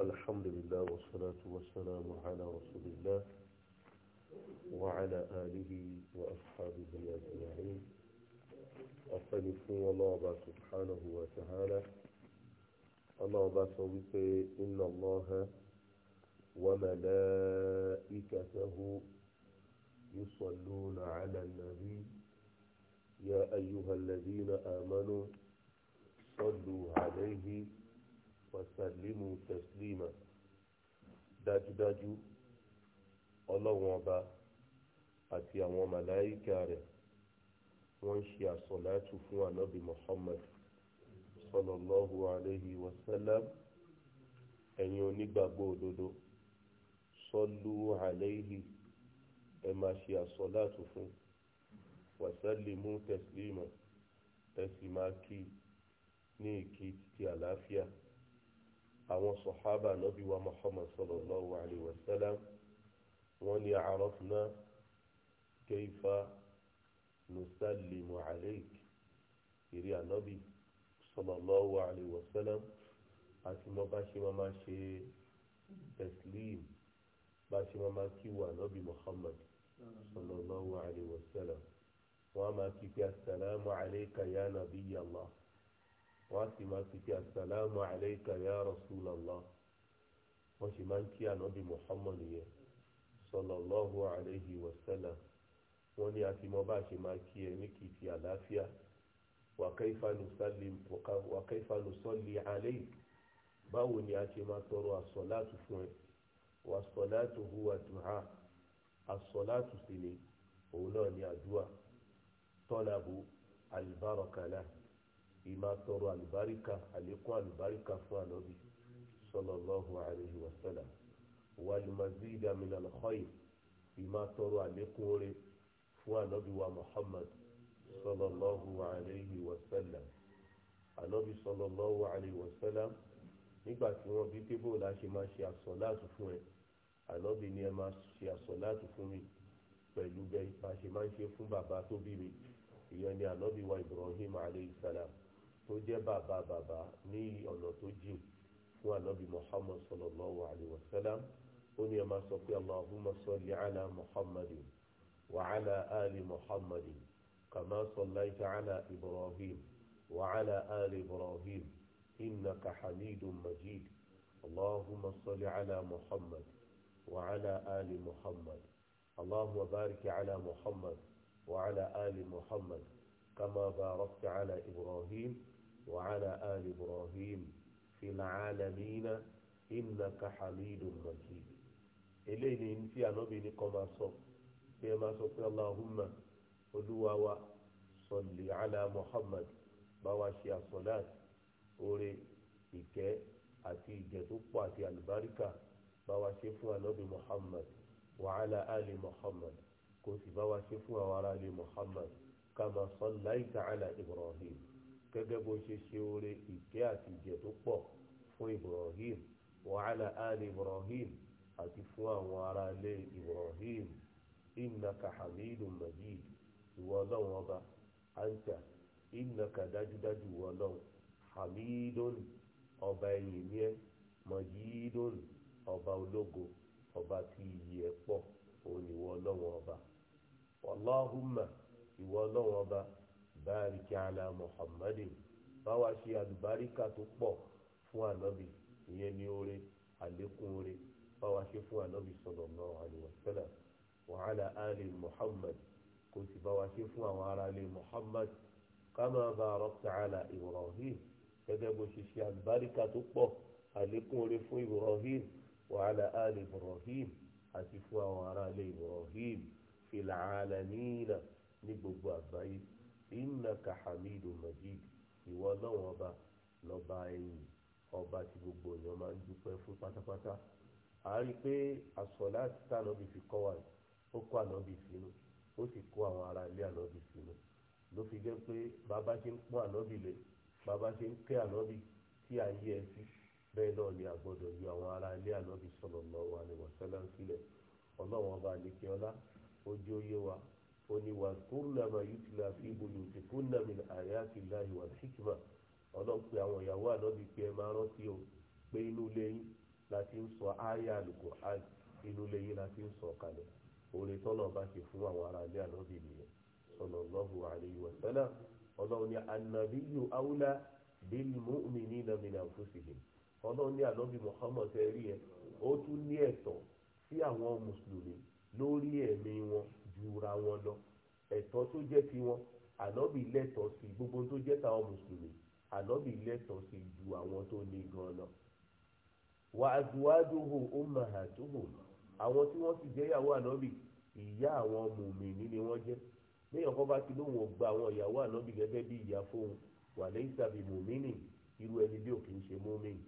الحمد لله والصلاة والسلام على رسول الله وعلى آله وأصحابه أجمعين أصنفون الله سبحانه وتعالى الله بسويك إن الله وملائكته يصلون على النبي يا أيها الذين آمنوا صلوا عليه wàsálímù tẹ̀sílímà dájúdájú ọlọ́run ọba àti àwọn màláìka rẹ̀ wọ́n ń ṣe àsọ̀láàtù fún ànábì Muhammad sallallahu alayhi wa sallam ẹ̀yin onígbàgbọ́ òdodo sọlú alayhi ẹ máa ṣe àsọ̀láàtù fún wàsálímù tẹ̀sílímà ẹ sì máa kí ní ìkí ti àlàáfíà àwọn sọ̀hábà nọ́bí wa muhammad sallallahu alayhi wa sallam wọ́n ní àrọ́fúnà kayfa nusallimu alayk ìrí ànọ́bí sallallahu alayhi wa sallam àti mọ́ bá ṣe máa máa ṣe tẹ̀sílíìmù bá ṣe máa máa kí wa nọ́bí muhammad sallallahu alayhi wa sallam wọ́n á máa kí pé asalaamu alayka ya nabiyallah wọ́n á sì máa ti kí asalaamu alayka ya rasulallah wọ́n sì máa ń kí ànábì muhammadu yẹn sallallahu alayhi wa sallam wọ́n ní a ti mọ bá a ṣe máa kí ẹ ní kì í àlàáfíà wa kayfa nusallim báwo ni a ṣe máa tọrọ àsọ̀láàtù fún ẹ wà sọ̀láàtù huwa du'a àsọ̀láàtù sì ni òun náà ni àdúà tọ́làbù alìbárọ̀kàlà ìmá tọrọ àlùbáríkà àlékún àlùbáríkà fún ànábì sallallahu alayhi wa sallam wàlùmọ̀zídà minal khayr ìmá tọrọ àlékún oore fún ànábì wa muhammad sallallahu alayhi wa sallam ànábì sallallahu alayhi wa sallam nígbà tí wọ́n bí pébò la ṣe máa ṣe àsọ̀láàtù fún ẹ ànábì ni ẹ máa ṣe àsọ̀láàtù fún mi pẹ̀lú bẹ́ẹ̀ bá ṣe máa ń ṣe fún bàbá tó bí mi ìyẹn ni ànábì wa ibrahim alayhi salam tó jẹ́ bàbá bàbá ní ọ̀nà tó jìn fún ànábì muhammad sallallahu alayhi wa sallam ó ní ẹ máa sọ pé allahumma salli ala muhammadin wa ala ali muhammadin kama sallaita ala ibrahim wa ala ali ibrahim innaka hamidun majid allahumma salli ala muhammad wa ala ali muhammad allahumma barik ala muhammad wa ala ali muhammad kama barakta ala ibrahim. وعلى آل إبراهيم في العالمين إنك حميد مجيد eléyìí ní tí ànábì ní kan máa sọ bí ẹ máa sọ pé aláhùnmá olúwa wa sọlì àlà muhammad bá wa ṣe àsọláàt oore ìkẹ́ àti ìjẹ tó pọ̀ àti àlùbáríkà bá wa ṣe fún ànábì muhammad wa àlà àlì muhammad kò sì bá wa ṣe fún àwọn ará àlì muhammad kama sallaita àlà ibrahim gẹ́gẹ́ bó ṣe ṣe oore ìkẹ́ àti ìjẹ tó pọ̀ fún Ibrahim wa ala ali Ibrahim àti fún àwọn ará ilé Ibrahim innaka hamidun majid ìwọ ọlọ́run ọba anta innaka dájúdájú ìwọ ọlọ́run hamidun ọba ẹ̀yìn ni ẹ́ majidun ọba ológo ọba tí iyì ẹ̀ pọ̀ òun ìwọ ọlọ́run ọba wàláhùmà ìwọ ọlọ́run ọba báríkì àlà muhammadin bá wa ṣe àlùbáríkà tó pọ̀ fún ànábì ìyẹn ní oore àlékún oore bá wa ṣe fún ànábì sallallahu alaihi wasallam wa ala ali muhammad kò sì bá wa ṣe fún àwọn ará ilé muhammad kama barakta ala ibrahim gẹ́gẹ́ bó ṣe ṣe àlùbáríkà tó pọ̀ àlékún oore fún ibrahim wa ala ali àti fún àwọn ará ilé ibrahim fil alamina ní gbogbo àgbáyé. innaka hamidu majid ìwọ ọlọ́run ọba lọba ẹ̀yìn ọba tí gbogbo èèyàn máa ń dúpẹ́ fún pátápátá a rí pé àsọ̀lá ti tá ànábì fi kọ́ wa ó ànábì sínú ó ará ilé ànábì sínú ló fi jẹ́ pé bàbá ṣe ń pọ́n ànábì lé bàbá ṣe ń kẹ́ ànábì tí à ń yẹ sí àwọn ará ilé ànábì sallallahu alaihi wasallam sílẹ̀ ọlọ́run ọba àdékẹ́ọ́lá ó jẹ́ oni wa kúrúnàmà yìí ti láfi ibùdó ti kúrúnàmì àyà ti láyé wà síkìmà ọlọ́pẹ àwọn ìyàwó ànábi pé ẹ máa rántí o pé inú lẹ́yìn láti ń sọ àyà àlùkò àì inú lẹ́yìn láti ń sọ kalẹ̀ oore tọ́nà bá ṣe fún àwọn ará ilé ànábi nìyẹn sallallahu alayhi wa sallam ọlọ́run ní anabiyu awla bil mu'minina min anfusihim ọlọ́run ní ànábi muhammad ẹ rí ẹ ó tún ní ẹ̀tọ́ sí àwọn mùsùlùmí lórí ẹ̀mí wọn jura wọn lọ ẹ̀tọ́ tó jẹ́ tiwọn ànábì lẹ́tọ̀ọ́ sí gbogbo tó jẹ́ táwọn mùsùlùmí ànábì lẹ́tọ̀ọ́ sí ju àwọn tó ní gan lọ. wà á zuwájúhù ummahatuhum àwọn tí wọ́n sì jẹ́ ìyàwó ànábì ìyá àwọn mùmìnì ni wọ́n jẹ́ léèyàn kọ́ bá ti lóun ò gba àwọn ìyàwó ànábì gẹ́gẹ́ bí ìyá fóun wà lẹ́yìn tàbí mùmìnì irú ẹni bí òkè ń ṣe mùmìnì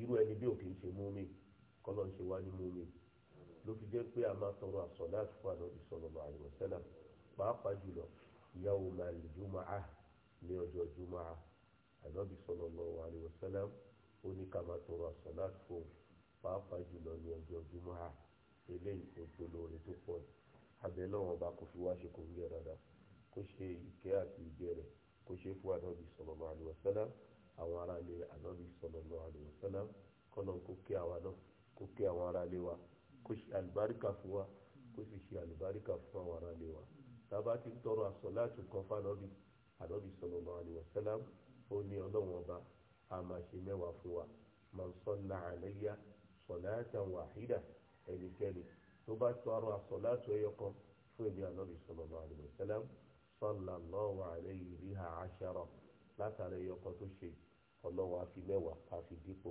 irú ẹni bí òkè ń ṣe mùmìnì kọ́lọ́ ń ṣe wá ní mùmìnì. ló fi jẹ́ pé a máa tọrọ àsọ̀lá àtúkọ̀ ànábì sallallahu alaihi wasallam pàápàá jùlọ yawmal jumu'ah ní ọjọ́ jumu'ah ànábì sallallahu alaihi wasallam ó ní ká máa tọrọ àsọ̀lá àtúkọ̀ pàápàá jùlọ ní ọjọ́ jumu'ah eléyìí kò tó lóore tó pọ̀ ní abẹ́ lọ́wọ́ bá kò fi wá ṣe kò ń kó ṣe ìkẹ́ wa kó ṣe àlùbáríkà fún wa kó sì ṣe àlùbáríkà fún àwọn ará ilé wa tábà ti ń tọrọ àsọláàtù kan fánọbì ànọbì sallallahu alaihi wasallam ó ní ọlọ́run ọba a máa ṣe mẹ́wàá fún wa man salla alayya salatan wahida ẹnikẹ́ni tó bá tọrọ àsọláàtù ẹyọ kan fún èmi ànọbì sallallahu alaihi wasallam sallallahu alayhi biha ashara látàrí ẹyọ kan tó ṣe ọlọ́run á fi mẹ́wàá á fi dípò